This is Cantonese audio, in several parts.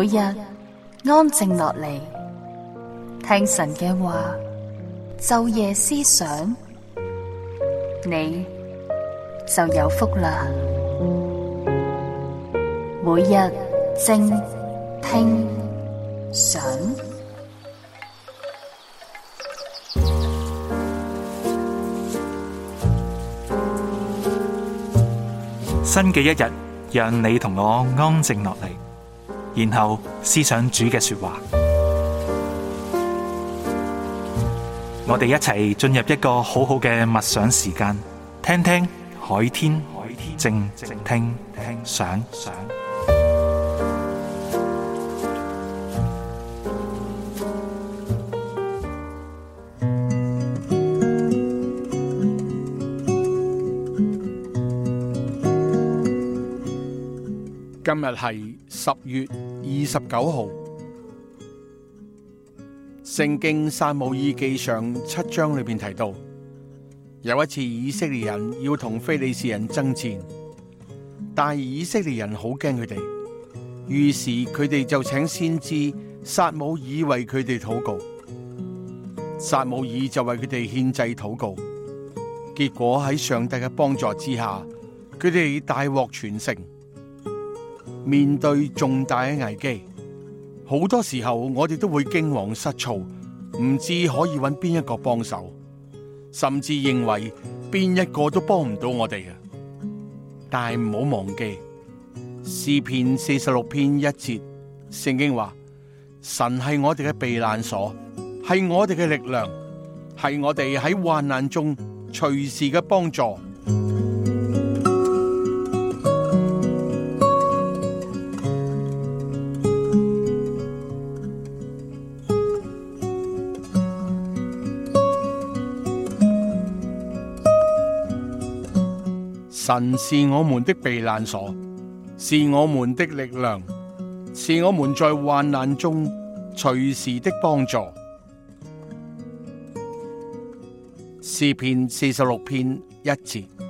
每日安靜落嚟，聽神嘅話，晝夜思想，你就有福啦。每日靜聽想，新嘅一日，讓你同我安靜落嚟。然後思想主嘅說話，我哋一起進入一個好好嘅默想時間，聽聽海天，正正聽想。今日係十月二十九號，《聖經撒母耳記上七章》裏邊提到，有一次以色列人要同非利士人爭戰，但以色列人好驚佢哋，於是佢哋就請先知撒母耳為佢哋禱告，撒母耳就為佢哋獻祭禱告，結果喺上帝嘅幫助之下，佢哋大獲全勝。面對重大嘅危機，好多時候我哋都會驚惶失措，唔知可以揾邊一個幫手，甚至認為邊一個都幫唔到我哋啊！但係唔好忘記，詩篇四十六篇一節，聖經話：神係我哋嘅避難所，係我哋嘅力量，係我哋喺患難中隨時嘅幫助。神是我們的避難所，是我們的力量，是我們在患難中隨時的幫助。詩篇四十六篇一節。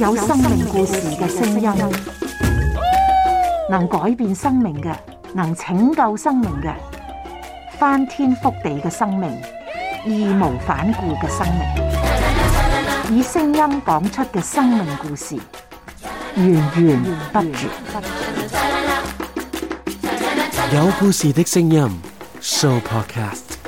有生命故事嘅聲音，能改變生命嘅，能拯救生命嘅，翻天覆地嘅生命，義無反顧嘅生命，以聲音講出嘅生命故事，源源不絕。有故事的聲音，Sooo Podcast。